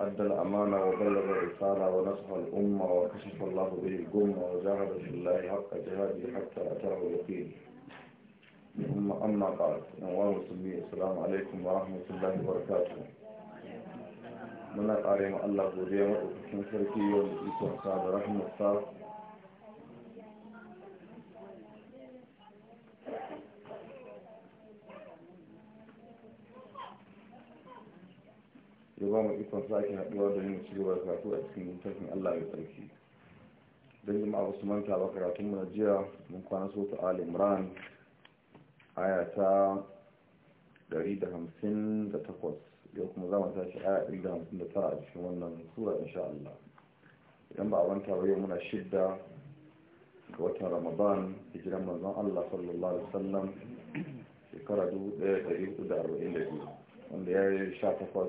أدى الأمانة وبلغ الرسالة ونصح الأمة وكشف الله به الجمة وجاهد في الله حق جهاده حتى أتاه اليقين ثم أما بعد نوال مسلمين السلام عليكم ورحمة الله وبركاته muna ƙare ma Allah godiya maɗaukakin sarki yau da ikon sa da rahmarsa ya ba mu ikon sake haɗuwa da yin ci gaba da karatu a cikin littafin Allah mai tsarki don jima abu su manta ba karatun mu na jiya mun kwana so ta Ali Imran aya ta 158 yau kuma za mu tashi aya 159 a cikin wannan sura insha Allah idan ba a manta ba yau muna shidda ga watan Ramadan hijiran manzon Allah sallallahu alaihi wasallam shekara 1442 wanda ya yi 18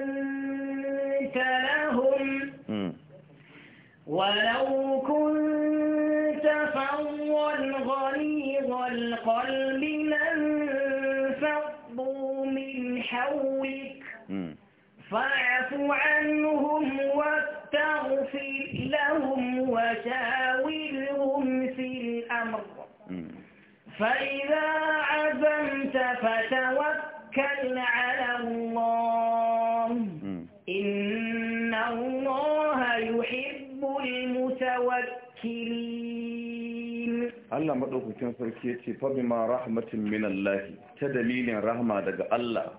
ولو كنت فظا غليظ القلب لانفضوا من حولك فاعف عنهم واستغفر لهم وشاورهم في الأمر فإذا عزمت فتوكل على الله إنه المتوكلين Allah مدوكين sarki yace fa bima rahmatin min Allah ta dalilin rahma daga Allah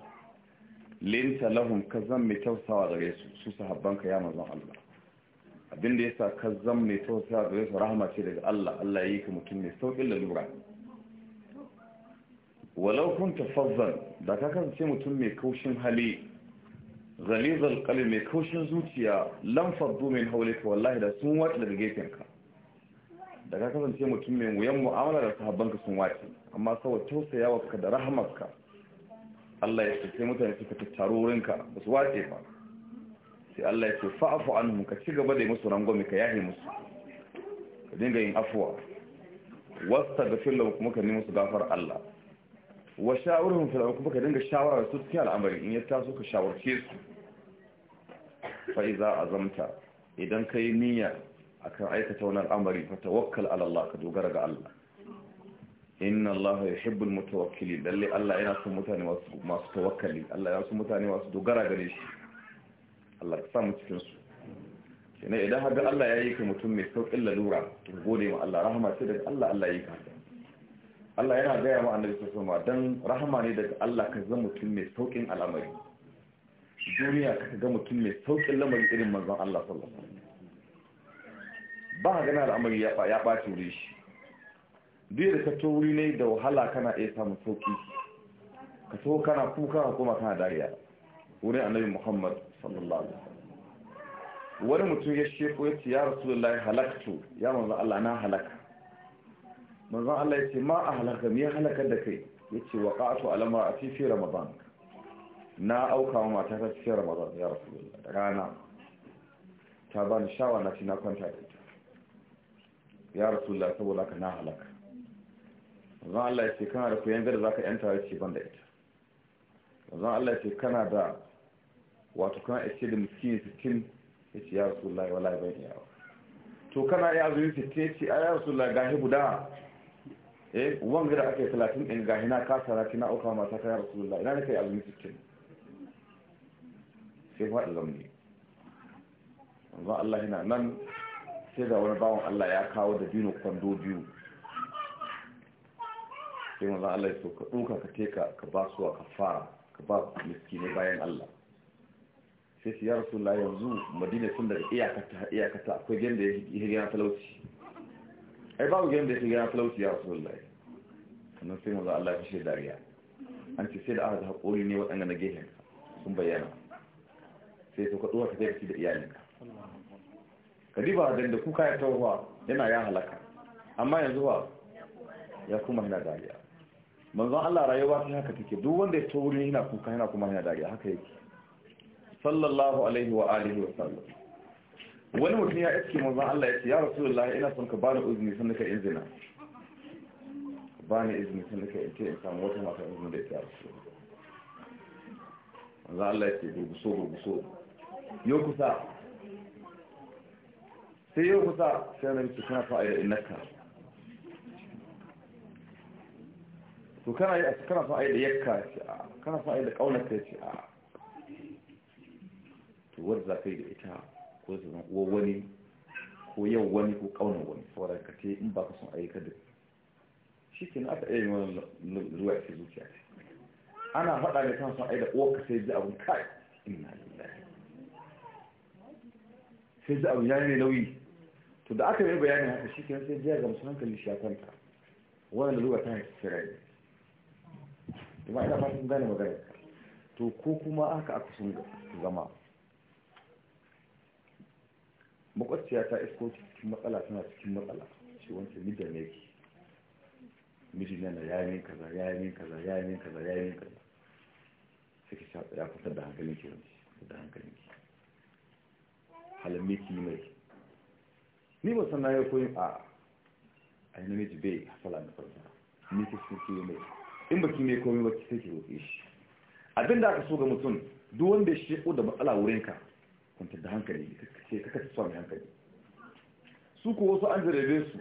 linta lahum kazam mai tausawa gare su su sahabbanka ya manzon Allah abinda yasa kazam mai tausawa gare su rahma ce daga Allah Allah yayi ka mutum mai saukin lalura walau kunta fazzan da ka kasance mutum mai kaushin hali zalizal kalbi mai kaushin zuciya lamfar domin ka wallahi da sun wace daga gefenka da ka kasance mutum mai wuyan mu'amala da sahabbanka sun wace amma saboda ka da rahamarka Allah ya ce sai mutane suka tattaro wurinka ba su wace ba sai Allah ya ce fa'afu anhum ka ci gaba da musu rangwame ka yahe musu ka dinga yin afuwa wasta da fillon kuma ka nemi musu gafar Allah wa sha'urun fil kuma ka dinga shawara su cikin al'amari in ya taso ka shawarce su fa'iza azamta idan ka yi niyya akan aikata wani al'amari fa tawakkal ala Allah ka dogara ga Allah inna Allah ya hibbul mutawakkili lalle Allah yana son mutane masu tawakali, Allah yana son mutane masu dogara gare shi Allah ya samu cikinsu su shine idan haka Allah ya yi ka mutum mai sauƙin lalura gode ma Allah rahama ce daga Allah Allah ya yi ka Allah yana gaya ma annabi sosai ma don rahama ne daga Allah ka zama mutum mai sauƙin al'amari duniya ka ga mutum mai saukin lamari irin manzon Allah sallallahu alaihi wasallam ba gana al'amari ya ba ya baci wuri shi duk da ka to wuri ne da wahala kana iya samun sauki ka so kana kuka kuma kana dariya wuri annabi Muhammad sallallahu alaihi wasallam wani mutum ya shefo ya ce ya rasulullahi halaktu ya manzon Allah na halaka manzon Allah ya ce ma a halaka me halakar da kai ya ce wa qa'atu alama fi ramadan na auka wa mata ta cikin ramadan ya rasu rana ta ba ni shawa na ci na kwanta da ita ya rasu da saboda ka na halaka zan Allah ya ce kana da kuyan gada za ka yanta ya ce ban da ita zan Allah ya ce kana da wato kana ya ce da miskini sittin ya ce ya rasu da wala ban iya to kana ya zuwa sittin ya ce a ya rasu da gahi guda eh wanga da ake talatin ɗin gahi na kasa na ci na auka mata ta ya rasu da ina ne ka yi azumi sittin sai faɗi zaune wanzan Allah yana nan sai da wani bawan Allah ya kawo da dino kwando biyu sai wanzan Allah ya so ka ɗuka ka teka ka ba suwa ka fara ka ba ne bayan Allah sai su ya rasu layan zu madina sun daga iyakata iyakata akwai gen da ya hirya talauci ai babu gen da ya hirya talauci ya rasu lai sannan sai wanzan Allah ya fashe dariya an ce sai da aka haƙori ne waɗanda na gehen sun bayyana sai ka kwaɗuwa ta zai da iyalinka ka diba da da kuka ya tauwa yana ya halaka amma yanzu ba ya kuma yana dariya manzon Allah rayuwa ta haka take duk wanda ya tauri yana kuka yana kuma yana dariya haka yake sallallahu alaihi wa alihi wa sallam wani mutum ya iske manzon Allah ya ce ya rasulullah ina son ka bani izini sannan ka izina bani izini sannan ka ce in samu wata mata izini da ita rasulullah manzon Allah ya ce gurguso so. yau kusa sai yau kusa sai na su kana fa'a da innaka to kana yi a kana fa'a da yakka ce a kana fa'a da kaunarka ce a to wadda za ka yi da ita ko zan uwa wani ko yau wani ko kaunar wani saboda ka ce in ba ka son ayyuka da shi ke na aka iya yi wani zuwa ce zuciya ana faɗa da kan son ayyuka uwa ka sai ji abin kai yi. sai ji abu ne nauyi to da aka yi bayanin haka shi ke sai jiya ga musulman hankali shi ta wanda wannan ta haifi kira ne kuma ina fatan gane magana to ko kuma aka aka sun zama makwasciya ta isko cikin matsala tana cikin matsala shi wancan midda ne ke mijin na yayin kaza yayin kaza yayin kaza yayin kaza suke shaɗa ya fitar da hankalin ki da hankalin halammi ki mai ni ba sana ya koyi a a yi namiji bai hasala da farko ni ki sun ke mai in ba ki mai komai ba ki sai ki roƙe shi abin da aka so ga mutum duk wanda ya ko da matsala wurin ka kwanta da hankali sai ka kasa sa mai hankali su ko wasu an jarabe su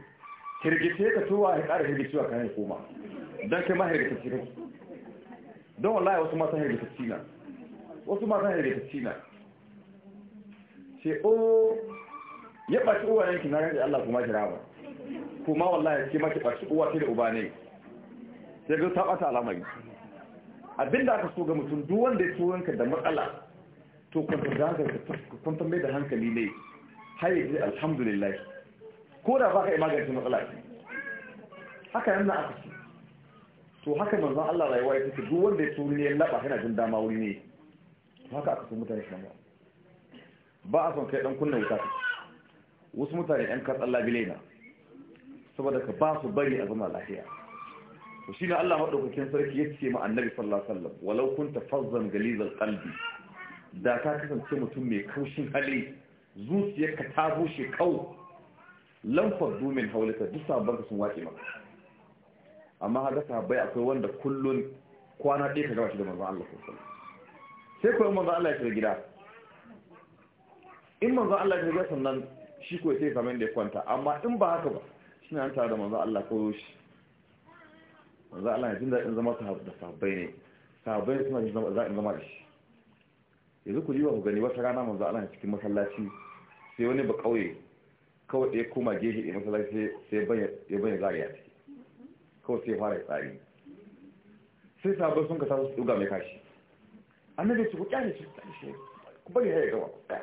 kirgice ka tuwa ya ƙara hirgicewa kayan koma don kai ma hirgitacci kake don wallahi wasu matan hirgitacci na wasu matan hirgitacci na ce o oh, ya ɓaci uwa yankin na rage Allah kuma jira ba kuma wallahi ce maki ɓaci uwa ce da uba ne sai ga ta ɓata alamari abinda aka so ga mutum duk wanda ya tuwanka da matsala to kwanta zagar ka kwanta mai da hankali ne har yanzu alhamdulillah ko da baka yi magance matsala ce haka yana aka so to haka manzan Allah rayuwa ya take duk wanda ya ne ya laɓa yana jin dama wuri ne haka aka so mutane shi ba a son kai dan kunna wuta wasu mutane ɗan katsan labile na saboda ka ba su bari a zama lafiya to shi Allah maɗaukakin sarki ya ce ma annabi sallallahu alaihi wasallam walau kunta fazzan galizal qalbi da ka kasance mutum mai kaushin hali zuciyarka ta bushe kau lam dumin haulita, duk sabon sun wace maka amma haka sahabbai akwai wanda kullun kwana ɗaya ka gaba shi da manzon Allah sallallahu alaihi wasallam sai ko manzon Allah ya shiga gida in manzo Allah ya ga sannan shi ko sai kamar da ya kwanta amma in ba haka ba shi ne an tare da manzon Allah ko shi manzo Allah ya jinda in zama sahabbai da sahabbai ne sahabbai suna jin in zama da shi yanzu ku ji ba ku gani wata rana manzo Allah ya cikin masallaci sai wani ba kauye kawai ya koma gehe ɗaya masallaci sai ya a ciki kawai sai fara tsari sai sahabbai sun ka sa su ɗuga mai kashi annabi su ku kyale shi ku bari ya gaba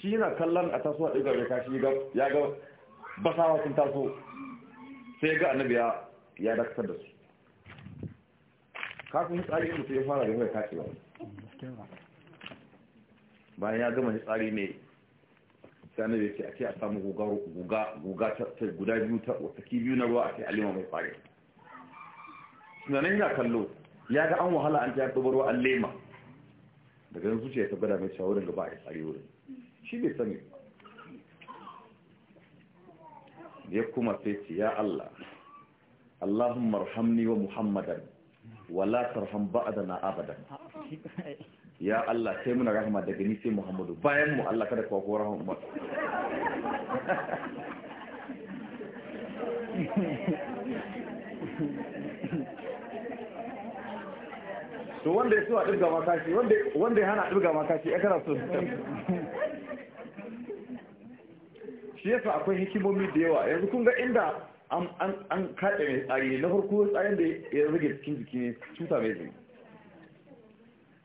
shi na kallon a tasowa ɗiga mai kashi ya ga basawa sun taso sai ga annabi ya dakatar da su kafin tsari sai ya fara da mai ba bayan ya gama tsari ne sai annabi ya ce a ce a samu guga ta guda biyu ta wataki biyu na ruwa a ce alima mai tsari tunanin ya kallo ya ga an wahala an ta ya ruwa an lema daga yanzu ce ya tabbata mai shawarar gaba a tsari wurin shi bai sani ya kuma sai ce ya Allah Allahumma marhamni wa Muhammadan wa hamba a dana abadan ya Allah sai muna rahama daga ni Muhammadu bayan mu Allah kada ka ko rahama to wanda ya so a makashi wanda ya hana ɗirga makashi ya kana so shi yasa akwai hikimomi da yawa yanzu kun ga inda an kaɗe mai tsari na farko tsarin da ya rage cikin jiki ne cuta mai zai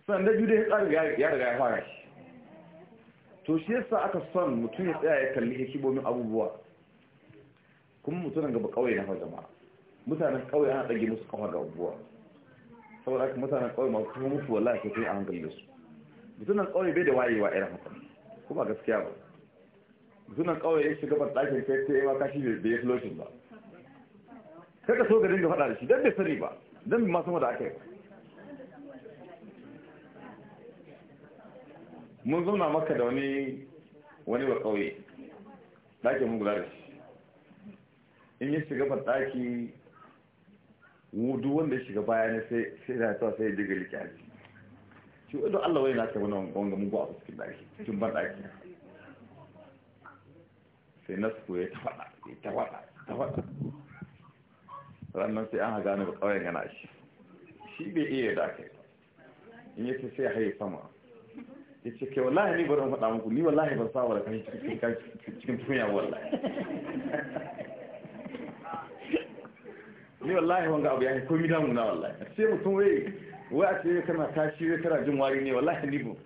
sannan da biyu da tsari ya riga ya fara shi to shi yasa aka son mutum ya tsaya ya kalli hikimomin abubuwa kuma mutumin gaba kawai na jama'a mutanen kawai ana ɗage musu kafa ga abubuwa saboda aka mutanen kawai masu kuma mutu wallahi ko sai a hankali da su mutumin kawai bai da wayewa irin haka kuma gaskiya ba mutumin kawai ya shiga ban ɗakin kai sai yawa kashi bai bai floshin ba kaka ka so garin da faɗa da shi don bai sani ba don bai masu da aka yi mun zauna maka da wani wani ba kawai ɗakin mun guda da shi in ya shiga ban ɗaki wudu wanda ya shiga baya ne sai sai da ta sai ya diga shi wadda Allah wani na ta wani wanga mugu a cikin ɗaki cikin ban ɗaki sai na su ya tafaɗa ya tafaɗa tafaɗa ranar sai an haga ba ƙauyen yana shi shi bai iya da kai in ya ce sai haye sama ya ce kai wallahi ni bari faɗa muku ni wallahi ban sa da kai cikin tunya wallahi ni wallahi wanga abu ya yi komi damu na wallahi sai mutum wai wai a ce kana tashi wai kana jin wari ne wallahi ni bu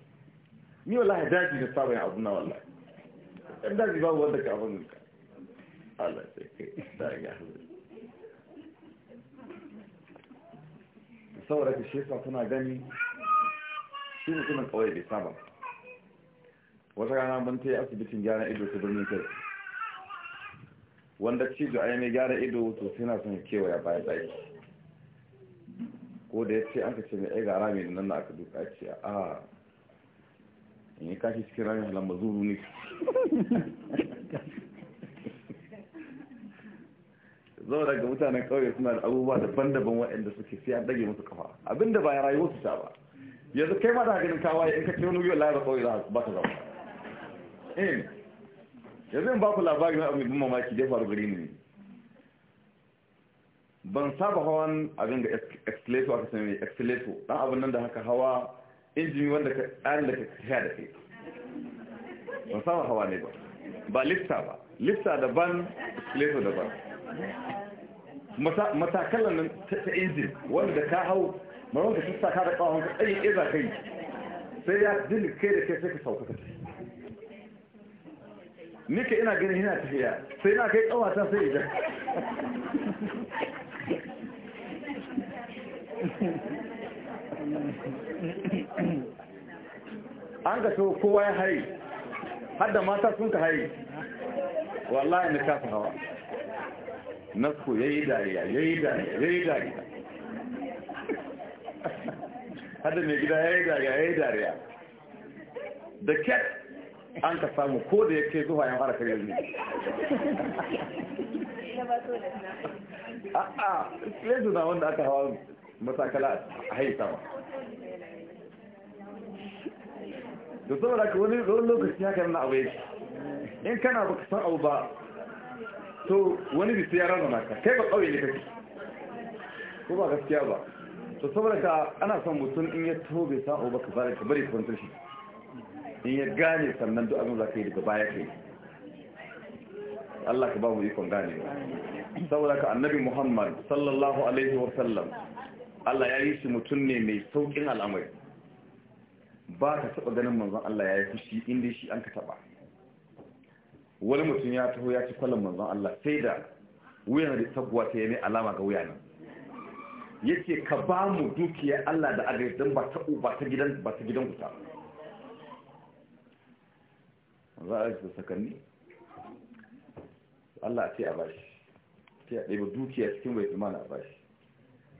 ni wallahi daji da sabon abu na wallahi dan da ba wanda ka abin ka Allah sai kai da ya saboda ka shi suna gani shi mutumin kawai bai saba wata rana ban ta yi asibitin gyara ido ta birnin kai wanda ci da ainihin gyaran ido to sai na son kewaya bayan daki ko da ya ce an ka ce mai ai gara mai nan na aka duka ce a ne ya kashi cikin ranar zuru ne zama daga mutanen kawai suna da abubuwa daban-daban waɗanda suke sai an ɗage musu kafa abinda ba ya rayu wasu ba yanzu kai ma da ganin kawai, ya ka ce wani yau lara kawai za ba ta zama in yanzu in ba ku labari na abin mamaki da faru gari ne ban saba hawan abin ga escalator aka sami escalator dan abin nan da haka hawa injini wanda ka tsarin da ka sha da kai ba sama hawa ne ba ba lifta ba lifta daban da daban matakalan nan ta injin wanda ka hau maron ka sassa ka da kawon ka tsayin iza kai sai ya jini kai da kai sai ka sauka ka nika ina ganin yana tafiya sai na kai kawata sai idan an ka so kowa ya hari har da mata sun ka hari wallahi na kafa hawa ku ya yi dariya ya yi dariya ya yi dariya har da mai gida ya yi dariya ya yi dariya da cat an ka samu ko da ya ke zuwa yan fara yanzu ne a'a sai suna wanda aka hawa matakala a haitawa da saboda ka wani lokaci haka na abu yake in kana baka san abu ba to wani bisu ya rana maka kai ba kawai ne kake ko ba gaskiya ba to saboda ka ana son mutum in ya taho bai san abu ba ka bari ka bari kwantar shi in ya gane sannan duk abin za ka yi daga baya kai Allah ka ba mu ikon gane saboda ka annabi Muhammad sallallahu alaihi wa sallam Allah ya yi shi mutum ne mai saukin al'amari ba ka taɓa ganin manzon Allah ya yi fushi inda shi an ka taɓa wani mutum ya taho ya ci kwallon manzon Allah sai da wuyan da taguwa ta yi alama ga wuya nan yake ka ba mu dukiya Allah da agari don ba ta ba ta gidan ba ta gidan kuta za a yi sakanni Allah ce a bashi sai a ɗaya dukiya cikin bai imana a bashi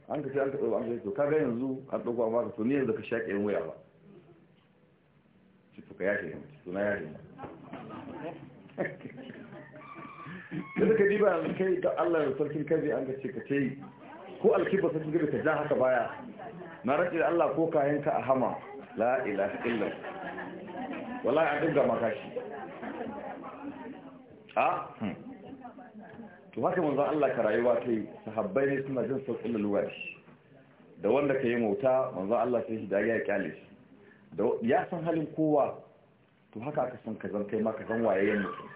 an ka ce an ka ɗaya an ka ce to ga yanzu an ɗauko ba ka to ne yanzu ka shaƙe yin wuya ba to ka yashe mu suna yashe mu kada ka diba yanzu kai da Allah da sarkin kaji an ga ce ka ce ko alkiba sun gabe ka ja haka baya na rake da Allah ko kayan ka a hama la ilaha illa wallahi an dinga makashi a hmm. to haka manzon Allah ka rayuwa kai sahabbai ne suna jin sauƙin lura da wanda ka yi mota manzon Allah sai shi da ya kyale shi da ya san halin kowa to haka aka san ka zan kai ma kazan zan wayayyen mutum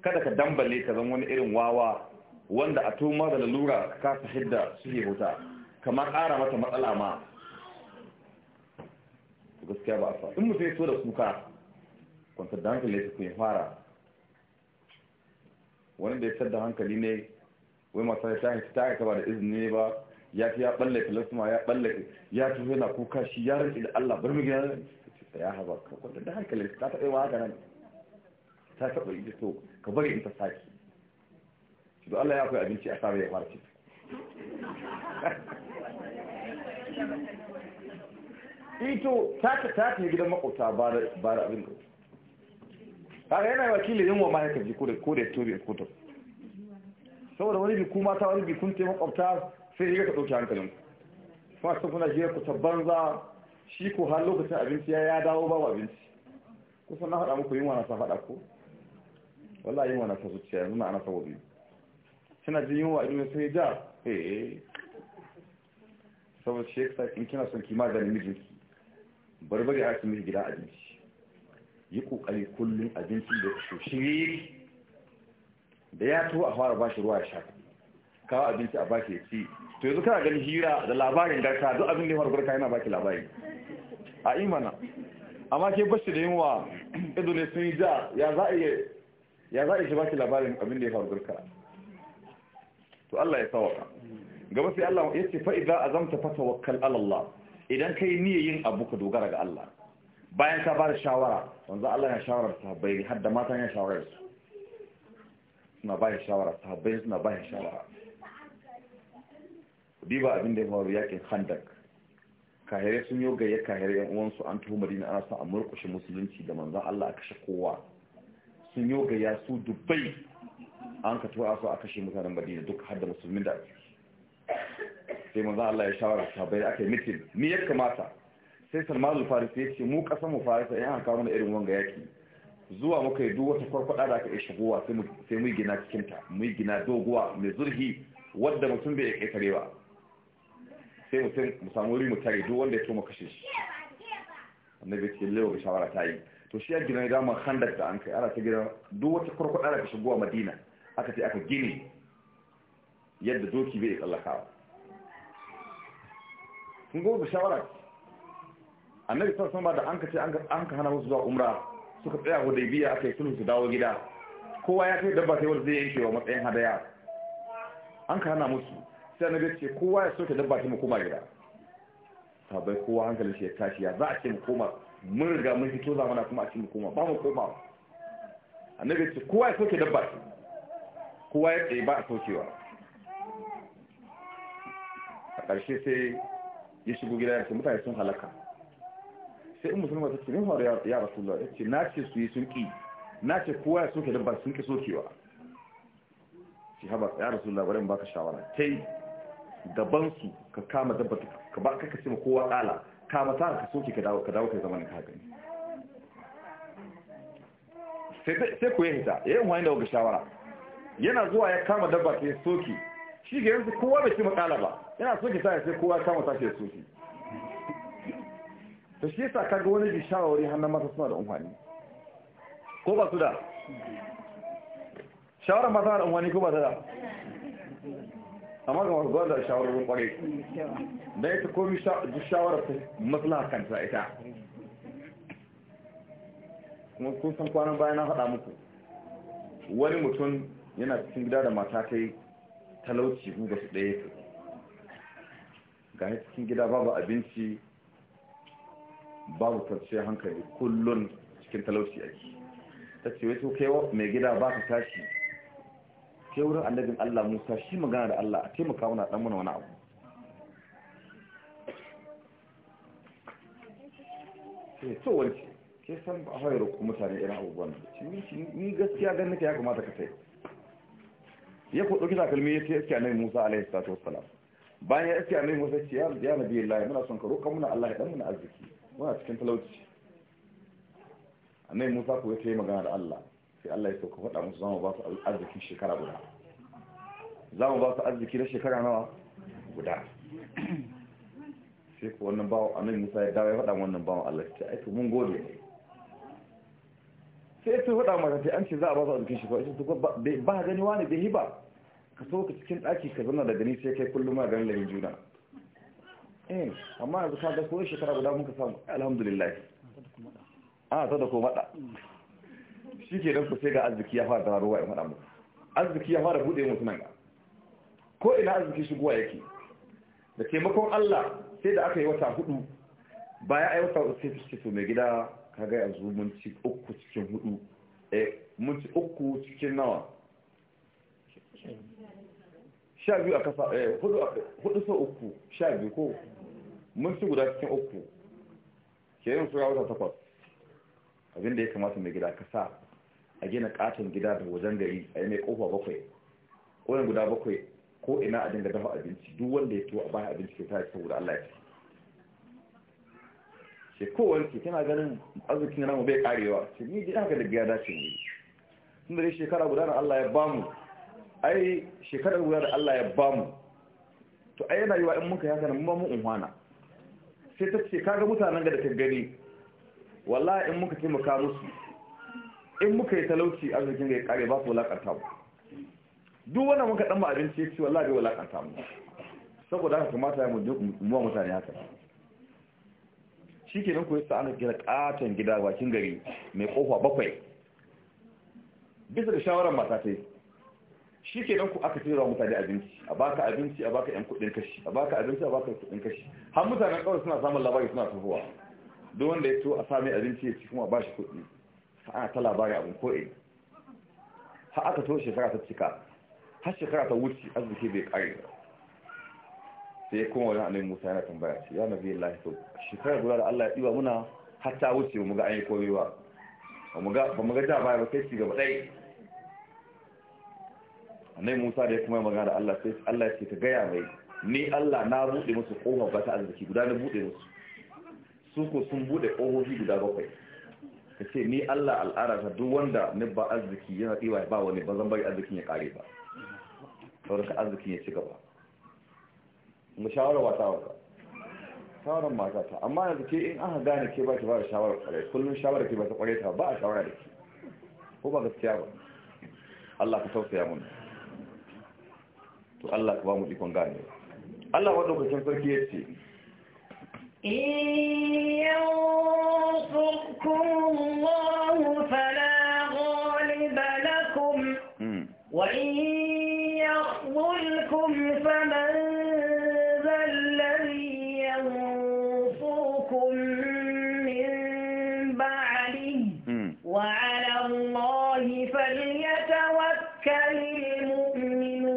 kada ka dambale ka zan wani irin wawa wanda a tuma da lalura ka kasa hidda suke huta kamar ƙara mata matsala ma gaskiya ba a sa in mutum ya so da kuka kwantar da hankali ya kun fara wani da ya sadda hankali ne wai masu ya shahin ta ya kaba da izini ne ba ya fi ya balle plasma ya balle ya tuzo yana kuka shi ya rike da Allah bar mu gina ya haba ka kwanta da hankali ta taɓa yi haka nan ta taɓa yi to ka bari in ta saki shi Allah ya koyi abinci a sare ya marke eh, ito ta ta ta ta gidan makota ba da ba da abin kaga yana wakili yin wa ma'aikaci ko da ko da tobe ko to saboda wani bi kuma ta wani bi kun te makwabta sai ya ka ɗauki hankalin kuma sun kuna jiya kusa banza shi ko har lokacin abinci ya dawo babu abinci kusan na faɗa muku yin wani sa faɗa ko wala yin wani sa zuciya yanzu na ana sababi suna jin wa ilimin sai ja eh saboda shi yasa in kina son kima da mijinki bari bari a cikin gida abinci yi kokari kullum abinci da shoshi da ya tuwa a fara bashi ruwa ya sha kawo abinci a bashi ya ci to yanzu kana ganin hira da labarin garka duk abin da ya faru garka yana baki labari a imana amma ke bashi da yunwa ido ne sun yi ja ya za a yi shi baki labarin abin da ya faru garka to Allah ya sawaka gaba sai Allah ya ce fa a azamta fata wakkal Allah idan yi niyyar yin abu ka dogara ga Allah bayan ka bada shawara wanzu Allah ya shawara sahabbai har da matan ya shawarar su suna bayan shawara sahabbai suna bayan shawara diba abin da ya faru yakin handak Kahere sun yi gayya kahere yan uwansu an tuhu madina ana son a murkushe musulunci da manzan Allah a kashe kowa sun yi ya su dubbai an ka tuwa su a kashe mutanen madina duk har da musulmin da sai manzan Allah ya shawara ta bai aka yi mitin ni ya kamata sai salman al-farisi ya ce mu kasan mu farisa yan an kawo irin wanga yaki zuwa muka yi duk wata farfada da aka yi shigowa sai mu gina cikinta mu gina doguwa mai zurhi wadda mutum bai kai tarewa. sai mutum mu samu wuri mu tare duk wanda ya so mu kashe shi annabi ce lewa shawara ta yi to shi ya gina ga man da an kai ana ta gina duk wata kurkuɗa da a madina aka ce aka gini yadda doki bai tsallakawa sun gobe shawara annabi ta san ba da an ka ce an ka hana wasu zuwa umra suka tsaya biya aka yi sulhu su dawo gida kowa ya kai dabba sai wanda zai yanke wa matsayin hadaya an ka hana musu sai annabi ce kowa ya soke dabba ta mu koma gida bai kowa hankalin shi ya tashi ya za a ce mu koma mun riga mun fito zamana kuma a ce mu koma ba mu koma annabi ce kowa ya soke dabba ta kowa ya tsaye ba a sokewa a ƙarshe sai ya shigo gida ya ce mutane sun halaka sai in musulma ta ce ne faru ya rasulullah ya ce na ce su yi sun ƙi na ce kowa ya soke dabba sun ƙi sokewa shi haba ya rasulullah bari in baka shawara ta yi su ka kama dabba ka ba ka ce ma kowa tsala kama ta ka soke ka dawo ka dawo kai zamanin ka gani sai ku yi hita ya yi wani da shawara yana zuwa ya kama dabba ta ya soke shi ga yanzu kowa bai ci makala ba yana soke sa ya sai kowa kama ta ya soke to shi yasa kaga wani bi shawarwari hannun mata suna da umfani ko ba su da shawarar mata da umfani ko ba su da amma ga wasu da shawarar kwarai da ta komi duk shawarar ta maslaha kanta ita kuma kun san kwanan bayan na faɗa muku wani mutum yana cikin gida da mata ta talauci guga su ɗaya su ga ya cikin gida babu abinci babu kwanciyar hankali kullum cikin talauci ake ta ce wai kai mai gida ba ka tashi ke wurin annabin Allah Musa shi magana da Allah a taimaka mana dan muna wani abu sai eh, to wani ke san ba hawaye roƙo mutane irin abubuwan ni gaskiya ganin nake ya kamata ka sai ya ko dauki takalmi ya ce ce annabi Musa alaihi salatu wassalam bayan ya ce annabi Musa ce ya nabi Allah muna son ka roƙa muna Allah ya dan muna arziki muna cikin talauci annabi Musa ko ya ce magana da Allah sai Allah ya sauka faɗa musu zama ba su arziki shekara guda zama ba su arziki na shekara nawa guda sai ku wannan bawa annabi Musa ya dawo ya faɗa wannan bawa Allah ya ce ai to mun gode sai su faɗa maka sai an ce za a ba su arziki shekara sai su ba gani wani bai hiba ka so ka cikin ɗaki ka zauna da gani sai kai kullum ma ganin lahin juna eh amma yanzu ka ga ko shekara guda muka samu alhamdulillah a ah, ta da ko maɗa shi ke nan sai ga arziki ya fara tararuwa ya faɗa muku arziki ya fara buɗe musu nan ko ina arziki shigowa yake da taimakon Allah sai da aka yi wata hudu baya yi wata hudu sai fiske su mai gida kaga yanzu mun ci uku cikin hudu eh mun ci uku cikin nawa sha biyu a kasa eh hudu sau uku sha biyu ko mun ci guda cikin uku ke yin sura wata takwas abinda ya kamata mai gida ka sa a gina katon gida da wajen gari a yi mai kofa bakwai ƙonan guda bakwai ko ina a dinga dafa abinci duk wanda ya tuwa a bayan abinci ke tare saboda Allah ya ce ce kowar tana ganin arzikin ramu bai karewa ce ni ji haka da biya dace ne tun da shekara guda da Allah ya mu ai shekara guda da Allah ya bamu to ai yana yiwa in muka yaka nan mu hwana. sai ta ce kaga mutanen da ta gani wallahi in muka taimaka musu in muka yi talauci arzikin ga ya kare ba su walakanta mu duk wanda muka ɗan ba abinci ya ci wallahi bai walakanta mu saboda haka kamata ya mu wa mutane haka shi ke nan kuwa sa'anar gina ƙaton gida bakin gari mai kofa bakwai bisa da shawarar matatai shi ke nan ku aka tura mutane abinci a baka abinci a baka 'yan kudin kashi a baka abinci a baka kudin kashi har mutanen kawai suna samun labari suna tafowa don wanda ya to a sami abinci ya ci kuma ba shi kudi ana ta labari abin ko'e har aka to shekara ta cika har shekara ta wuce arziki bai kare sai kuma wani annabi musa yana tambaya ce ya nabi allah to shekara guda da allah ya ɗiba muna har ta wuce mu ga an yi komai ba ba mu ga da baya ba sai ci gaba dai annabi musa da ya kuma magana da allah sai allah ya ce ka gaya mai ni allah na buɗe musu ƙofa ba ta arziki guda na buɗe musu su ko sun buɗe ƙofofi guda bakwai ka ce ni Allah al'arata duk wanda ni ba arziki ya haɗi ba wani ba zan bari arzikin ya ƙare ba saboda ka arzikin ya ci gaba mu shawara wata wata shawarar mata ta amma yanzu ke in aka gane ke ba ki ba da shawarar kwarai kullum shawarar ke ba ta kwarai ta ba a shawara da ke ko ba gaskiya ba Allah ka tausaya mun to Allah ka ba mu ikon gane Allah wadda kwakin sarki ya ce ينصركم الله فلا غالب لكم وإن يخذلكم فمن ذا الذي ينصركم من بعده وعلى الله فليتوكل المؤمنون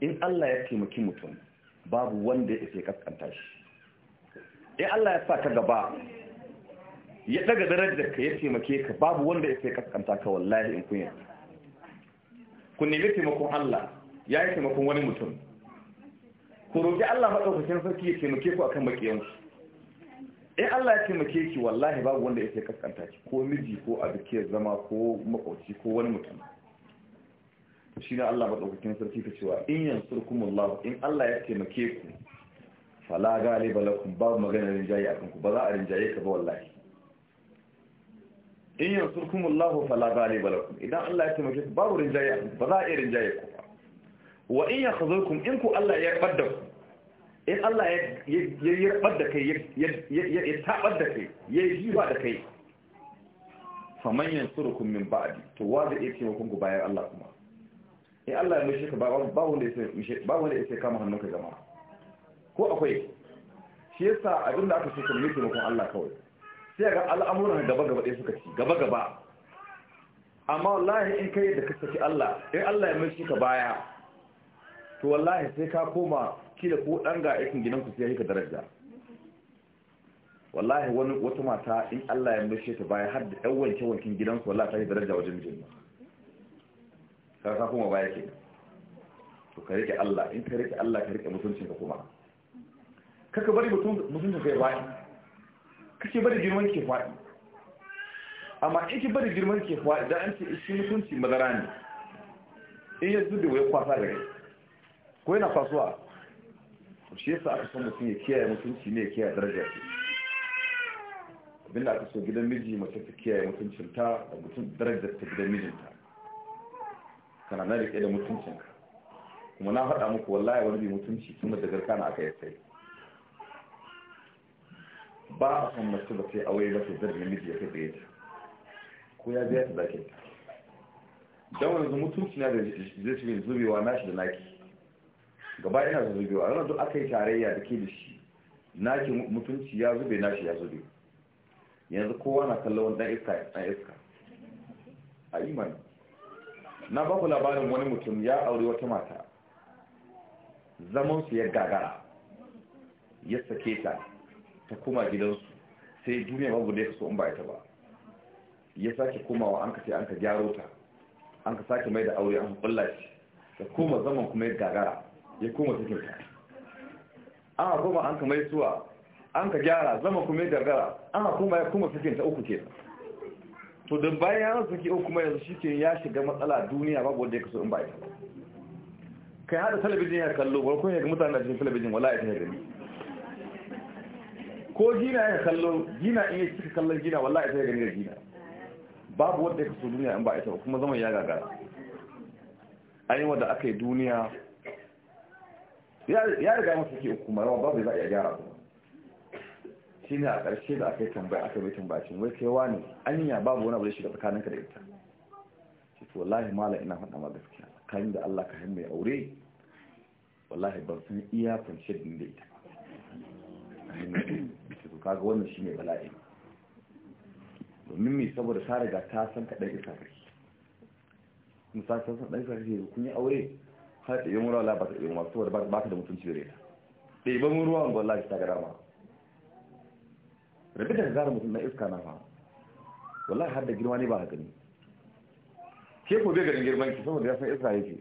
in Allah ya taimaki mutum babu wanda ya isa kaskanta shi ya Allah ya sa ka gaba ya daga darajar ka ya taimake ka babu wanda ya isa kaskanta ka wallahi in kunya ku nemi taimakon Allah ya yi taimakon wani mutum ku roƙi Allah maɗaukakin sarki ya taimake ku akan maƙiyanku ya Allah ya taimake ki wallahi babu wanda ya sai kaskanta ki ko miji ko abu ke zama ko makwauci ko wani mutum shi na Allah maɗaukakin sarki ka cewa in yansurkum Allah in Allah ya taimake ku fala galiba lakum babu magana rinjaye a kanku ba za a rinjaye ka ba wallahi in yansurkum Allah fala galiba lakum idan Allah ya taimake ku babu rinjaye a kanku ba za a iya rinjaye ku ba wa in yakhzurkum in ku Allah ya yarda ku in Allah ya yarda da kai ya tabar da kai ya yi jiba da kai faman yansurukum min ba'di to wa da yake hukunku bayan Allah kuma in Allah ya mishi ka ba wanda ya sai kama hannunka jama'a ko akwai shi yasa da aka so kan mutum kun Allah kawai sai ga al'amuran gaba gaba ɗaya suka ci gaba gaba amma wallahi in kai da ka saki Allah in Allah ya mishi ka baya to wallahi sai ka koma da ko dan ga aikin gidansu sai ka daraja wallahi wani wata mata in Allah ya mishi ta baya har da ɗan wanke wankin gidansu wallahi ta yi daraja wajen mijinta ka ka kuma baya ke to ka rike Allah in ka rike Allah ka rike mutuncin ka kuma kaka bari mutuncin ka ya ka kake bari girman ke faɗi amma in ki bari girman ke faɗi da an ce shi mutunci madara ne in yanzu da wai kwasa da kai ko yana kwasuwa shi yasa aka san mutum ya kiyaye mutunci ne ya kiyaye daraja ce abinda aka so gidan miji mace ta kiyaye mutuncinta da mutum darajar ta gidan mijinta kana na rike da mutuncinka kuma na faɗa muku wallahi wani bi mutunci kuma da garka na aka yasai ba a san mace ba sai aure ba sai zargi miji ya kai da ta ko ya biya ta zakin Dan don wani mutunci na da zai shi zubewa nashi da naki gaba ina da zubewa ranar duk aka yi tarayya da ke da shi naki mutunci ya zube nashi ya zube yanzu kowa na kallon ɗan iska dan iska a imani na ba ku labarin wani mutum ya aure wata mata zamansu ya gagara ya sake ta ta kuma gidansu sai duniya babu da ya kasu in ba ita ba ya sake komawa an ka sai an ka gyaro ta an ka sake mai da aure an kulla shi ta koma zaman kuma ya gagara ya koma suke ta an koma an ka mai suwa an ka gyara zaman kuma ya gagara an koma ya koma suke ta uku ke. to da bayan ya rasu ke kuma yanzu shi ke ya shiga matsala duniya babu wanda ya kaso in ba Ka yi hada talabijin ya kallo wani kun yaga mutane na cikin talabijin wala ya gani ko gina ya kallo gina in cika kallon gina wala ita ya gani da gina babu wanda ya kaso duniya in bayan ita kuma zaman ya gagara an yi wadda aka yi duniya ya riga masu ke hukumar babu za a iya gyara kuma shi ne a ƙarshe da aka yi tambaya aka yi tambacin wai kai wani anya babu wani abu da shiga tsakaninka da ita shi to wallahi mala ina faɗa ma gaskiya kan da Allah ka hin mai aure wallahi ban san iya kwance da ita shi to kaga wannan shi ne bala'i domin me saboda ta riga ta san ka dan isa kai in ta san dan isa kai kun yi aure har da yin wura ba ta yi wura saboda ba ta da mutunci da ita ɗaiban ruwan wallahi ta ga dama rabi da zara mutum na iska na fa wallahi har da girma ne ba a gani ke ko bai garin girman ki saboda ya san iska yake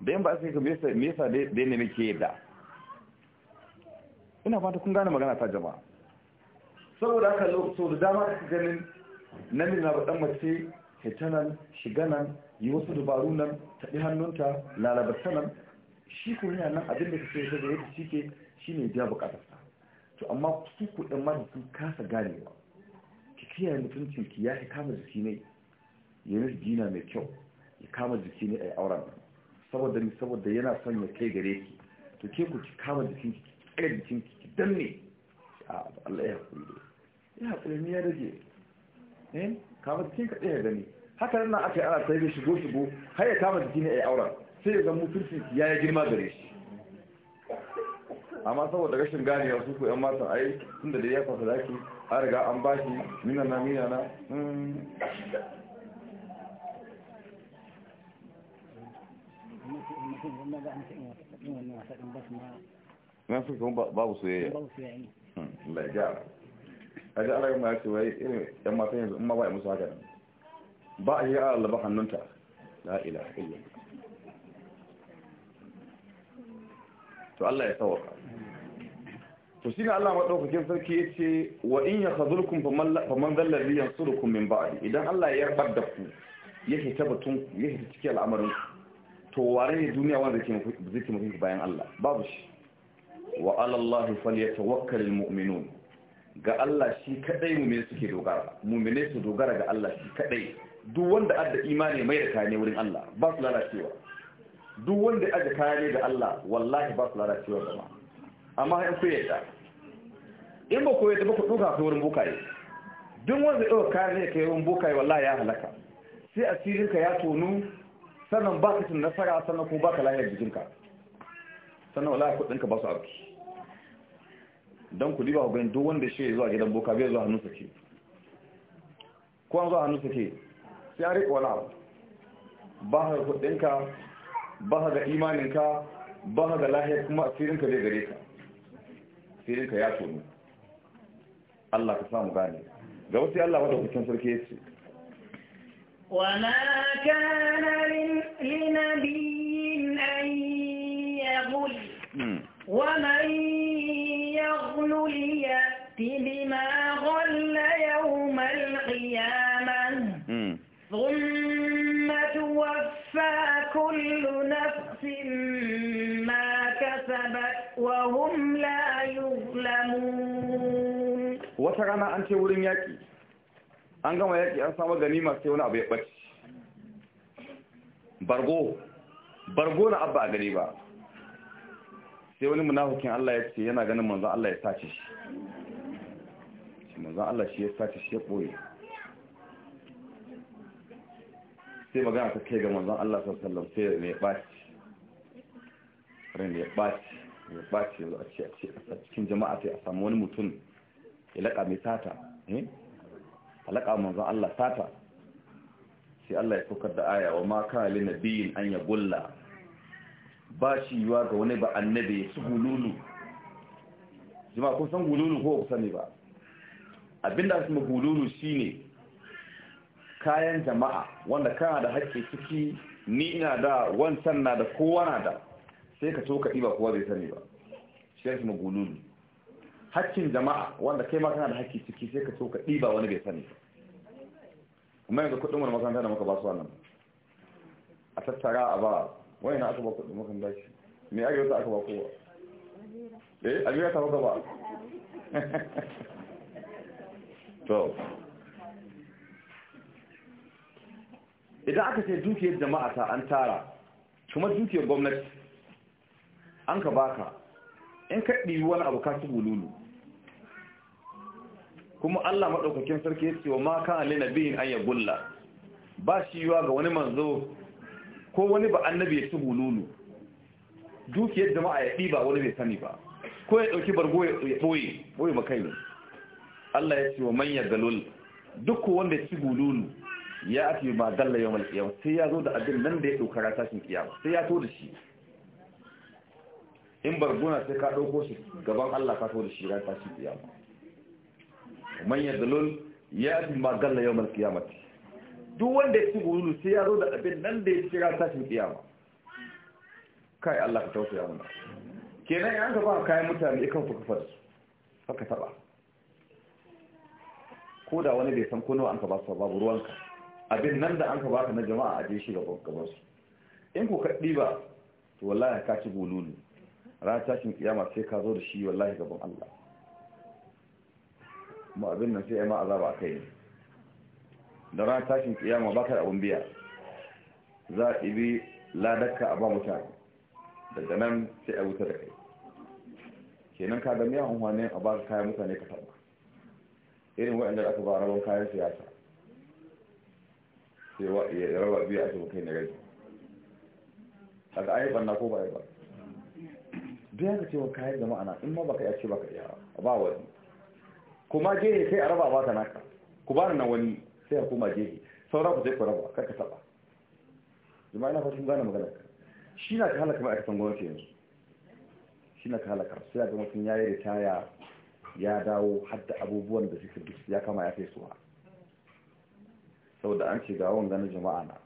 da yan ba sai ka me yasa da ne muke yadda ina fata kun gane magana ta jama'a saboda haka lokacin da dama ka ganin namiji na baɗan mace hita nan shiga nan yi wasu dabaru nan taɗi hannunta lalabata nan shi kuma yana nan abinda ka sai ta zai ta cike shi ne biya bukatar to amma su kuɗin mata sun kasa ganewa ki kiyaye mutuncin ki ya kama jiki ne ya yi jina mai kyau ya kama jiki ne a yi auren saboda ni saboda yana son ya kai gare ki to ke ku ki kama jikin ki tsaya jikin ki ki danne a Allah ya hakuri da ya hakuri ne ya rage eh kama jikin ka tsaya gani haka nan aka yi ana tsaye shigo shigo har ya kama jiki ne a yi auren sai ya zama mutunci ya yi girma gare shi amma saboda rashin gane ya su ko yan matan ai tun da ya fasa daki a riga an ba shi nuna na nuna na hmm. na su kuma babu soyayya hmm, Allah ya gyara a ji alaƙa mai cewa irin yan matan yanzu in ma ba ya musu haka ba a yi a laba hannunta la ila illa to Allah ya tsawaka to shi ne Allah maɗaukakin sarki ya ce wa in ya hazurkun faman zallar liyan surukun min ba'adi idan Allah ya rabar da ku ya hita batun ya hita ciki al'amarin to ware ne duniya wanda zai ke bayan Allah babu shi wa alallahi fal ya tawakkalil ga Allah shi kadai mu'mini suke dogara mu'mini su dogara ga Allah shi kadai duk wanda adda imani mai da ne wurin Allah ba su lalacewa duk wanda ya aje kaya da Allah wallahi ba su lalacewa ba amma in ku da in ba ku da ba ku duka su wurin bukaye duk wanda ya ɗauka kaya ne kai wurin bukaye wallahi ya halaka sai asirin ka ya tonu sannan ba ka cin nasara sannan kuma ba ka lahiyar jikinka sannan wallahi kuɗinka ba su abu don ku diba ku gani duk wanda shi zuwa gidan boka bai zuwa hannun sake ko an zuwa hannun sake sai a riƙe wani abu ba ka kuɗinka ba ga imaninka ba ga lahiyar kuma asirinka zai gare ka asirinka ya tono Allah ka samu gane ga wasu Allah wadda kusan sarki ya ce وما كان لنبي أن يغل ومن يغل ليأت بما غل يوم القيامة ثم توفى كل نفس ما كسبت وهم لا يظلمون وترانا أنت ورين ياكي an gama yaƙi an samu ganima sai wani abu ya ɓaci bargo bargo na abba a ba sai wani munafukin Allah ya ce yana ganin manzan Allah ya sace shi manzan Allah shi ya sace shi ya ɓoye sai magana ta kai ga manzon Allah sallallahu alaihi wasallam sai ne baci ran ya baci ya baci a ce a cikin jama'a sai a samu wani mutum ya laka mai sata eh alaka manzon Allah sata sai Allah ya saukar da aya wa ma kana lin nabiyin an yagulla ba shi yiwa ga wani ba annabi su gululu jama'a kun san hululu ko ku sani ba abinda su hululu shine kayan jama'a wanda kana da haƙƙi ciki ni ina da wancan na da kowa na da sai ka toka ɗiba kowa bai sani ba shi ya suna gululu haƙƙin jama'a wanda kai ma kana da haƙƙi ciki sai ka toka ɗiba wani bai sani ba kuma yanzu kuɗin wani makaranta da muka ba su wannan a tattara a ba wani na aka ba kuɗin makaranta shi me ake ta aka ba kowa eh arewa ta ba to idan aka ce dukiyar jama'a ta an tara kuma dukiyar gwamnati an ka baka in ka ɗiyi wani abu ka bululu kuma Allah maɗaukakin sarki ya ce wa ma kan alai nabiyin an yagulla ba shi yiwa ga wani manzo ko wani ba annabi ya ci bululu dukiyar jama'a ya ba wani bai sani ba ko ya ɗauki bargo ya ɓoye ɓoye ba kai ne Allah ya ce wa manyan galul duk wanda ya ci bululu ya ake ba dalla yau mal kiyama sai ya zo da abin nan da ya ɗauka ra tashin kiyama sai ya to da shi in barguna sai ka ɗauko shi gaban Allah ka to da shi ra tashin kiyama man ya dalol ya ake ba dalla yau mal kiyama duk wanda ya ci gulu sai ya zo da abin nan da ya ci ra tashin kiyama kai Allah ka tausaya mana kenan in ka ba kayan mutane ikan fuka fara su taba ko da wani bai san kuno an ka ba su babu ruwanka abin nan da an ka baka na jama'a a je shi gaban su in ko kaddi ba to wallahi ka ci bululu ranar tashin kiyama sai ka zo da shi wallahi gaban Allah mu abin nan sai ai ma azaba a kai ne da ranar tashin kiyama baka da abun biya za a ibi ladaka a ba mutane daga nan sai a wuta da kai kenan ka ga miya unhwanin a ba kayan mutane ka taɓa irin waɗanda aka ba rabon kayan siyasa sai ya raba biyu a cikin kai na rai a ga ayyukan na ko ba ba duk yanka cewa kayan jama'a na in ma baka yace baka iya ba wani kuma gehe sai a raba ba ka naka ku ba nan wani sai a koma gehe saura ku sai ku raba kar ka taba jama'a ina fashin gane magana shi na ka halaka ma'aikatan gwamnati yanzu shi na ka halaka sai a ga mutum ya yi ritaya ya dawo hadda abubuwan da suke ya kama ya kai suwa saboda an ce ga ganin jama'a na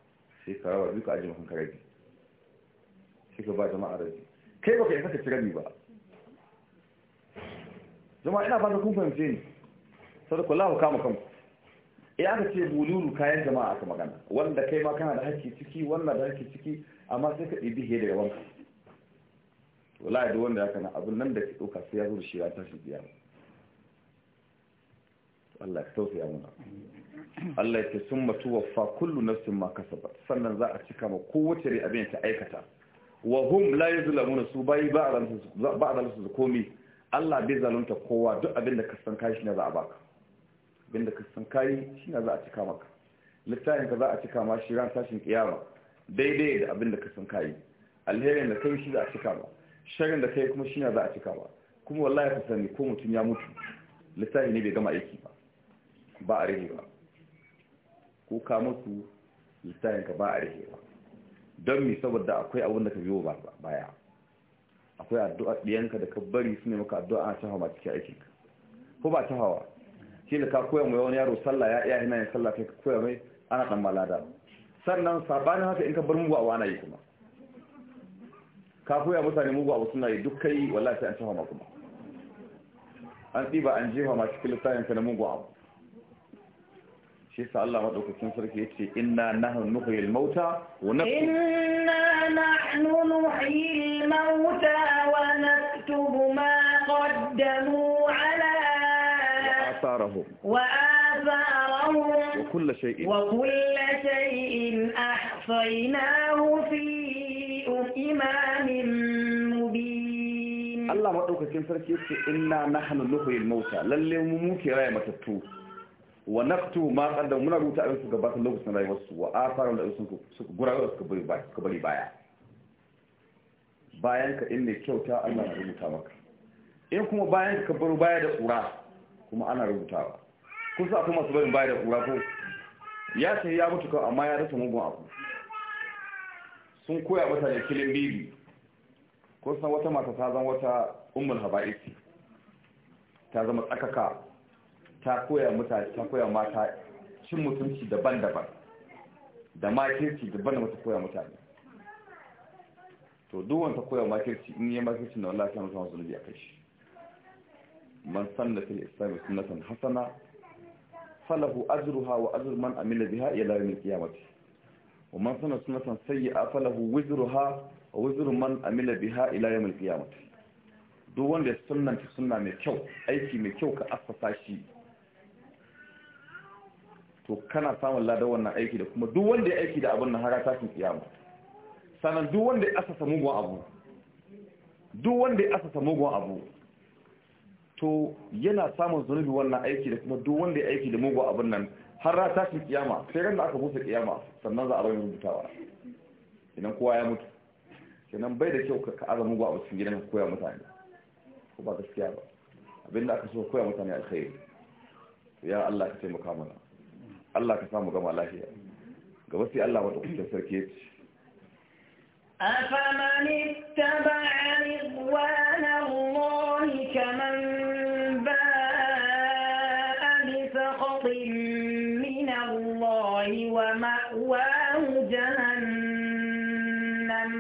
sai ka raba duka a kan rabi sai ka ba jama'a rabi kai ka isa ka ci rabi ba jama'a ina fata kun fahimce ni saboda kula ku kama kanku ya eh, aka ce bululu kayan jama'a aka magana wanda kai ma kana da hakki ciki wannan da hakki ciki amma sai ka ɗibi he daga wanka wala da wanda ya kana abin nan da ke ɗauka sai ya zo da shi ya tashi biya Allah ya ya muna Allah ya ce sun matu fa kullu nafsin ma kasaba sannan za a cika ma kowace rai abin ta aikata wa hum la yuzlamuna su bai ba a zalunta su komi Allah bai zalunta kowa duk abin da ka san kai shine za a baka abin da ka san kai shine za a cika maka littafin ka za a cika ma shi ran tashin kiyama daidai da abin da ka san kai alherin da kai shi za a cika ma sharrin da kai kuma shine za a cika ma kuma wallahi ka sani ko mutum ya mutu littafin ne bai gama aiki ba ba a rihewa ko ka mutu littafinka ba a rihewa don mi saboda akwai abin da ka biyo baya akwai addu'a ɗiyanka da ka bari su ne maka addu'a a tahawa cikin aikinka ko ba hawa shi da ka koya mai wani yaro sallah ya iya hina yin sallah kai ka koya mai ana ɗan malada sannan sabanin haka in ka bar mugu a wana yi kuma ka koya mutane mugu a wasu suna yi duk kai wallahi sai an tahawa kuma an ɗiba an jefa ma cikin littafinka na mugu abu shi sa Allah madaukakin sarki yace inna nahnu nuhyil mauta wa naktubu inna nahnu nuhyil mauta wa naktubu ma qaddamu ala atharahum wa atharahum wa kull shay'in wa kull shay'in ahsaynahu fi imamin mubin Allah madaukakin sarki yace inna nahnu nuhyil mauta lalle mu muke raye matattu wa naktu ma qaddam muna rubuta abin su gabatar lokacin rayuwar su wa asaran da sun suka da suka bari baya bari baya bayan ka in ne kyauta Allah ya rubuta maka in kuma bayan ka bari baya da kura kuma ana rubutawa kun sa kuma su bari baya da kura ko ya ce ya mutu kan amma ya rasa mugun abu sun koya mata da kilin bibi ko san wata mata ta zama wata ummul haba'isi ta zama tsakaka ta koya mutane ta koya mata cin mutunci daban-daban da makirci daban-daban mata koya mutane to duwan ta koya makirci in yi makirci na wallafi kan zama zunubi a kai shi man sanna fil islam sunnatan hasana falahu ajruha wa ajru man amila biha ila yawm al-qiyamah wa man sanna sunnatan sayyi'a falahu wizruha wa wizru man amila biha ila yawm al-qiyamah duk wanda ya sunnanta sunna mai kyau aiki mai kyau ka assasa shi to kana samun ladan wannan aiki da kuma duk wanda ya aiki da abin na har tashin kiyama sanan duk wanda ya asasa mugun abu duk wanda ya asasa mugun abu to yana samun zunubi wannan aiki da kuma duk wanda ya aiki da mugun abin nan har ra tashin tsiyama sai ran da aka busa tsiyama sannan za a bayyana rubutawa idan kowa ya mutu kenan bai da kyau ka aza mugun abu cikin gidan koya mutane ko ba gaskiya ba abinda aka so koya mutane alkhairi ya Allah ka taimaka mana Allah ka samu gama lafiya gaba sai Allah madaukakin sarki ya ce أفمن اتبع رضوان الله كمن باء بسخط من الله ومأواه جهنم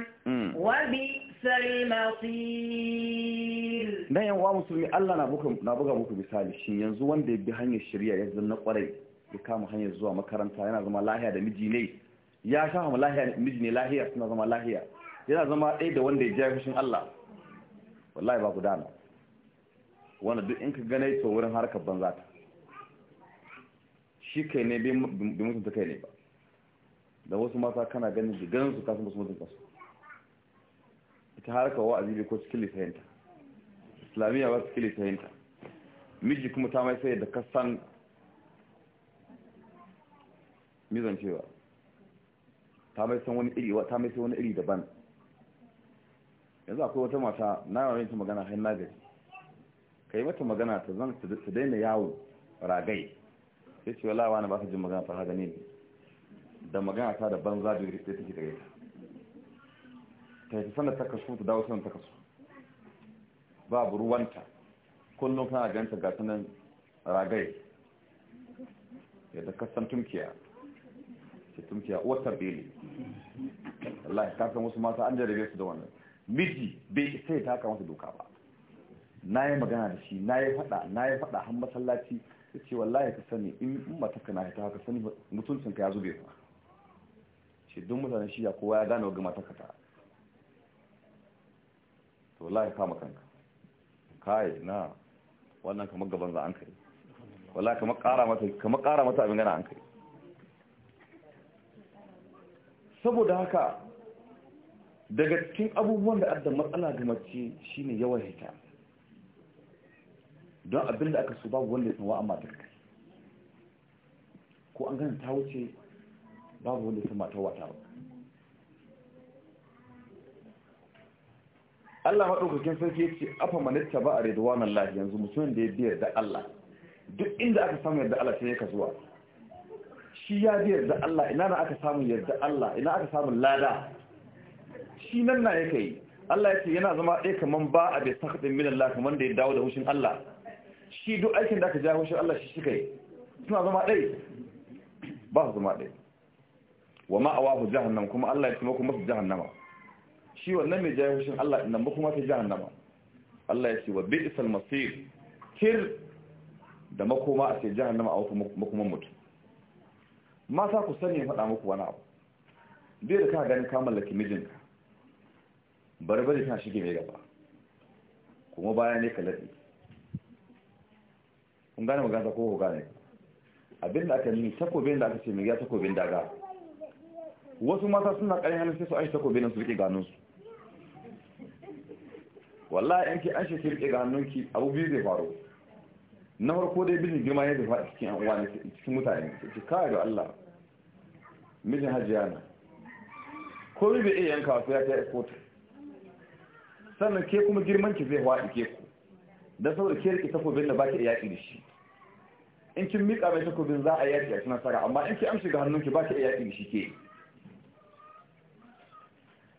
وبئس المصير dan yan uwa musulmi Allah na buga muku misali shi yanzu wanda ya bi hanyar shari'a yanzu na kwarai ya kama hanyar zuwa makaranta yana zama lahiya da miji ne ya kama lahiya miji ne lahiya suna zama lahiya yana zama ɗaya da wanda ya ji fushin Allah wallahi ba gudana wanda duk in ka gane to wurin harkar banza ta shi kai ne bai mutunta kai ne ba da wasu mata kana ganin da ganin su kasu musu mutunta su ita harkar wa'azi bai ko cikin lisayinta islamiyya ba cikin lisayinta miji kuma ta mai sai da kasan mizan cewa ta mai san wani iri ta mai san wani iri daban yanzu akwai wata mata na yawan ta magana har na gari kai mata magana ta zan ta daina yawo ragai sai ce wallahi wani ba ka jin magana ta ganin ne da magana ta da banza da rike take da gaita ta yi sanar ta kasu ta dawo sanar ta kasu babu ruwanta kullum kana ganta ga sanan ragai yadda kasan tunkiya ce tumkiya uwar bele Allah ya kasan wasu mata an jarabe su da wannan miji bai isa ta taka masa doka ba na yi magana da shi na yi faɗa na yi faɗa har masallaci ya ce wallahi ka sani in mata kana na hita ka sani mutuncin ka ya zube ba ce don mutane shi ya kowa ya gane wa gama taka ta to wallahi kama kanka kai na wannan kamar gaban za an kai wallahi kamar kara mata abin gana an kai saboda haka daga cikin abubuwan da adda matsala ga mace shine yawan hita don abin da aka so babu wanda ya sanwa amma daga ko an gani ta wuce babu wanda ya san mata wata ba Allah maɗaukakin sarki ya ce afa manitta ba a redwanan lahi yanzu mutumin da ya biya da Allah duk inda aka samu yadda Allah sai ya kasuwa shi ya ji yarda Allah ina na aka samu yarda Allah ina aka samu lada shi nan na yake yi Allah ya ce yana zama ɗaya kaman ba a bai saka ɗin minan lafi wanda ya dawo da hushin Allah shi duk aikin da aka ja hushin Allah shi suka yi suna zama ɗaya, ba su zama ɗaya. wa ma ma'awa ku jahannama kuma Allah ya ce taimako masu jahannama shi wannan mai ja hushin Allah ɗin ba kuma ta jahannama Allah ya ce wa bi isal masir kir da makoma a ce jahannama a wasu makoman mutum mata ku sani ya faɗa muku wani abu bai da ka gani ka mallaki mijinka barbari ta shige mai gaba kuma baya ne ka laɗi kun gane magana ko ku gane abinda aka nuni takobin da aka ce mai ya takobin daga wasu mata suna ƙarin hannun sai su an shi takobin su riƙe ganunsu wallahi yanki an shi su riƙe ganunki abubuwa zai faru na farko dai bijin girma ya zafa a cikin uwa ne cikin mutane ke kawai da Allah mijin hajiya na ko bai iya yanka wasu ya ta iko ta sannan ke kuma girman ki zai hawa ke ku da saboda ke rike takobin da baki a yaƙi da shi in kin miƙa mai takobin za a yaki a cikin nasara amma in ki amshi ga hannunki baki a yaƙi da shi ke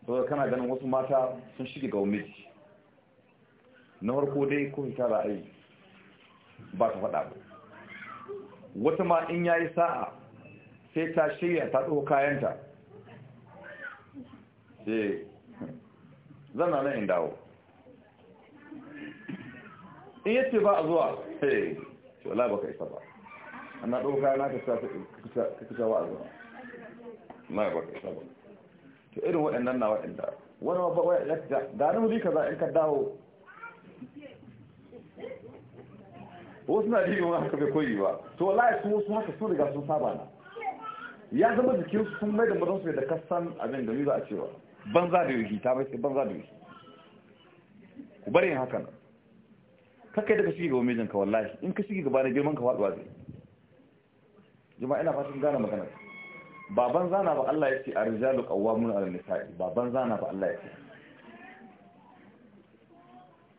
saboda kana ganin wasu mata sun shige ga miji na farko dai ko fita yi ba ka faɗa ba wata ma in ya yi sa'a sai ta shirya ta ɗo kayanta sai zana nan in dawo in yace ba a zuwa sai wala baka isa ba ana kayan kayana ka kusa wa a zuwa na baka isa ba to irin waɗannan na waɗanda wani ba wai da ni mu bi kaza in ka dawo wasu na jini wani haka bai koyi ba to wallahi su wasu haka sun riga sun saba na ya zama jikin su sun mai da mazan su da kasan abin da za a cewa banza da yuhi ta bai sai banza da yuhi ku bari yin hakan kakai da ka ga gaba mijinka wallahi in ka shige gaba na girman ka faduwa zai jama'a ina fashin gane magana baban zana ba Allah ya ce a rijalu qawwamun ala nisa'i baban zana ba Allah ya ce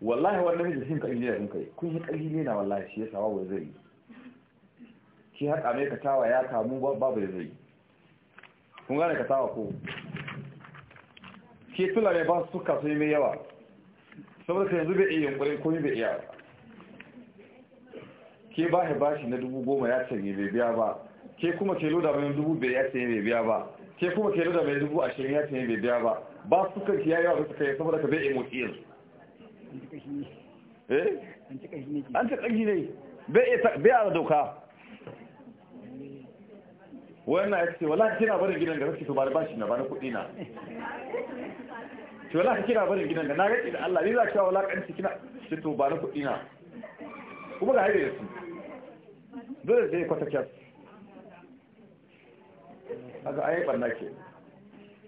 wallahi wannan mijin sun ka injiniya in kai kun yi kalli ne na wallahi shi sawa babu zai yi. shi har mai ka tawa ya kamu babu zai kun gane ka tawa ko ke tula mai ba su suka sun yi mai yawa saboda ka yanzu bai iya yunkurin yi bai iya ke ba shi bashi na dubu goma ya ce bai biya ba ke kuma ke loda mai dubu bai ya ce bai biya ba ke kuma ke loda mai dubu ashirin ya ce bai biya ba ba su ya yi yayawa su kai saboda ka bai iya motsi yanzu Eh? an ci ƙarshi ne bai a doka wani na ya ce wala ka kira barin gidan ga ba tubar bashi na bana kuɗi na ce wala ka kira barin gidan ga na gaɗi da Allah ne za ka wala ƙanci kina shi to bana kuɗi na kuma ga haɗe su dole zai kwata kyas haka ayi ɓarna ke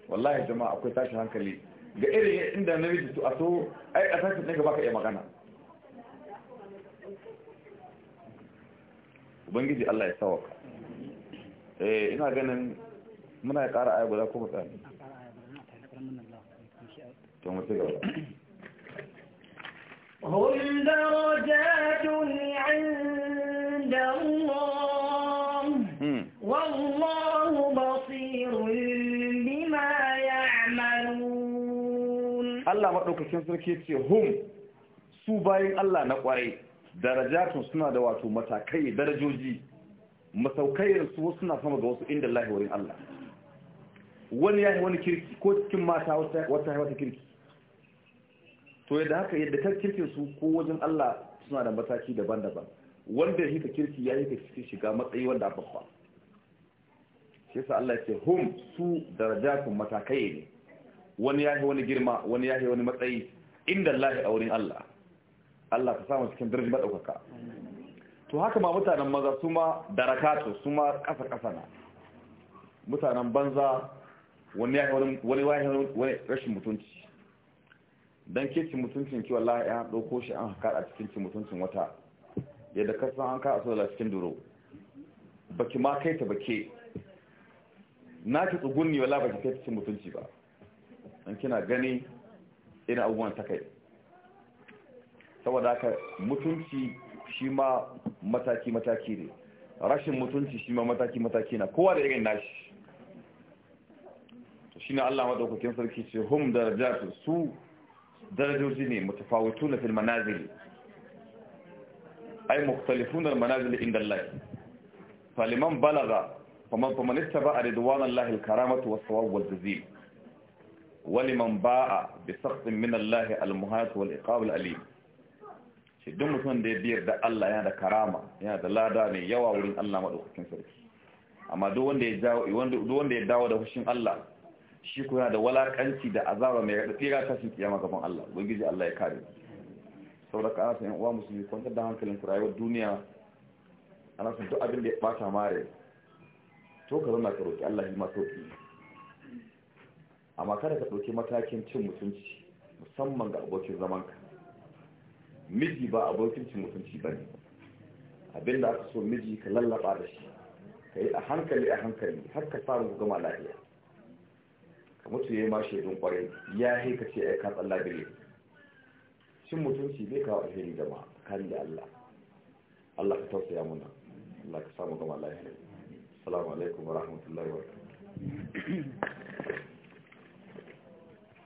wallahi jama'a akwai tashi hankali ga irin inda namiji su a so ai a sashen ɗin gaba ka iya magana ubangiji Allah ya sawa eh ina ganin muna ya ƙara ayyuka ko mutsari to mu ci gaba هم درجات عند الله maɗaukakin sarki ce hum su bayan Allah na ƙwarai darajatun suna da wato matakai darajoji masaukayen su wasu sama ga wasu inda Allah wurin Allah wani ya yi wani kirki ko cikin mata wata haifata kirki to yadda haka yadda ta kirkin su ko wajen Allah suna da mataki daban-daban wanda ya hita kirki ya hita cikin shiga matsayi wanda a babba shi yasa Allah ya ce hum su darajatun matakai ne wani yahi wani girma wani yahi wani matsayi inda Allah a wurin Allah Allah ka samu cikin birnin madaukaka to haka ma mutanen maza su ma darakatu su ma kasa kasa na mutanen banza wani yahi wani wani wani rashin mutunci don ke cin mutuncin kiwon wallahi ya ko shi an haka a cikin cin mutuncin wata yadda kasan an ka a sola cikin duro baki ma kai ta bake na ki tsugunni wala baki kai ta cin mutunci ba in kina gani ina abubuwan ta kai saboda haka mutunci shi ma mataki-mataki ne rashin mutunci shi ma mataki-mataki na kowa da irin nashi shi ne Allah maɗaukakin sarki ce hum rajatu su darajoji ne mutafawitu na fil manazili Ai mukhtalifu na manazili inda Allah faliman balaga faman famanista ba a ridwan Allah al karamatu was sawab wal jazil waliman ba'a bi saqtin min Allah al-muhat wal iqab alim shi duk mutum da ya biyar da Allah yana da karama yana da lada mai yawa wurin Allah madaukakin sarki amma duk wanda ya dawo da hushin Allah shi ko yana da walakanci da azaba mai radadi ga tashin kiyama gaban Allah ubangiji Allah ya kare saboda ka ana san uwa musulmi kwantar da hankalin ku rayuwar duniya ana san duk abin da ya ɓata mare to ka zauna ka roki Allah ya ma amma kada ka ɗauki matakin cin mutunci musamman ga abokin zamanka miji ba abokin cin mutunci ba ne abinda aka so miji ka lallaba da shi ka yi a hankali a hankali har ka samu gama lafiya ka mutu ya yi ma shaidun kwarai ya yi ka ce ya ka tsalla bire cin mutunci zai kawo alheri ma kan da Allah Allah ka tausaya muna Allah ka samu gama lafiya assalamu alaikum wa rahmatullahi